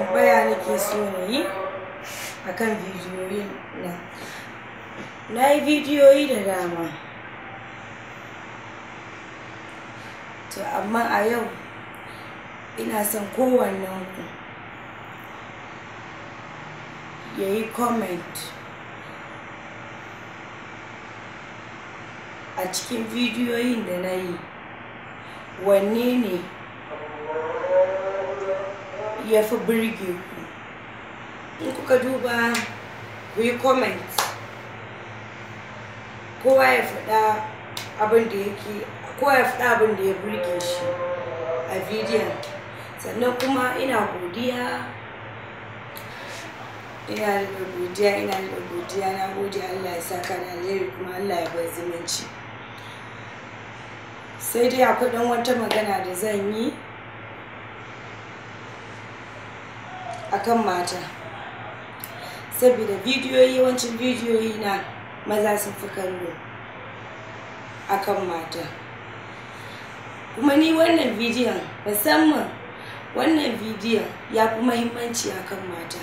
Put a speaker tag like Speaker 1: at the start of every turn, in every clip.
Speaker 1: tambaya nake so na yi a kan bidiyoyin na na yi bidiyoyi da dama to amma a yau ina son kowannen ku ya yi comment a cikin bidiyoyin da na yi wanne ne ya fi birge ku in kuka duba ku yi comment kowa ya faɗa abin da yake kowa ya faɗa abin da ya birge shi a bidiyon sannan kuma ina godiya ina da godiya ina da godiya na gode Allah ya saka da alheri kuma Allah ya bar zumunci sai dai akwai ɗan wata magana da zan yi akan mata saboda bidiyoyi yawancin bidiyoyi na maza sun fi kallo akan mata kuma ni wannan bidiyon musamman wannan bidiyon ya fi mahimmanci akan mata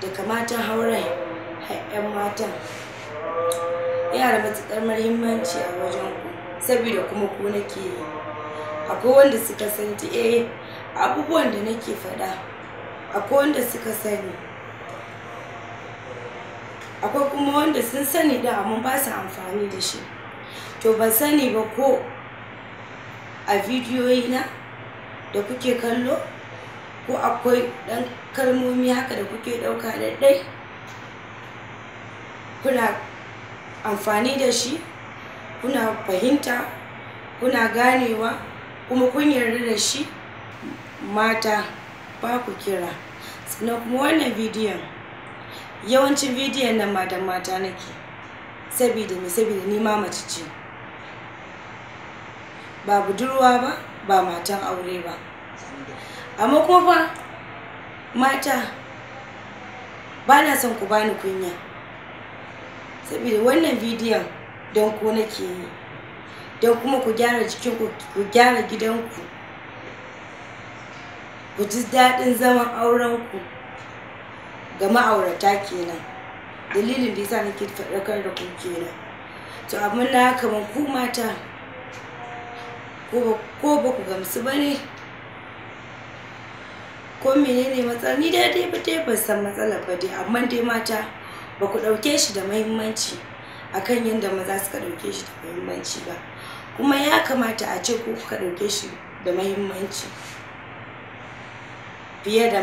Speaker 1: da kamatan hauren 'yan mata yana da matuƙar mahimmanci a wajen ku saboda kuma ku nake yi akwai wanda suka san ta eh abubuwan da nake faɗa akwai wanda suka sani akwai kuma wanda sun sani da amma ba su amfani da shi to ban sani ba ko a bidiyoyi na da kuke kallo ko akwai ɗan kalmomi haka da kuke ɗauka da ɗai kuna amfani da shi kuna fahimta kuna ganewa kuma kun yarda da shi mata ba ku kira sannan kuma wannan bidiyon yawancin bidiyon nan matan mata nake sabida mai sabida ni ma mace ce ba budurwa ba ba matan aure ba amma kuma fa mata ba na son ku bani kunya sabida wannan bidiyon don ku nake yi don kuma ku gyara jikinku ku gyara gidanku ku ji daɗin zaman aurenku ga ma'aurata kenan dalilin da yasa nake faɗakar da ku kenan to abin na kamar ku mata ko ba ku gamsu ba ne ko menene matsala ni dai dai ba dai ban san matsalar ba dai amma dai mata ba ku ɗauke shi da muhimmanci akan yadda maza suka ɗauke shi da muhimmanci ba kuma ya kamata a ce ku kuka ɗauke shi da muhimmanci Bier, dann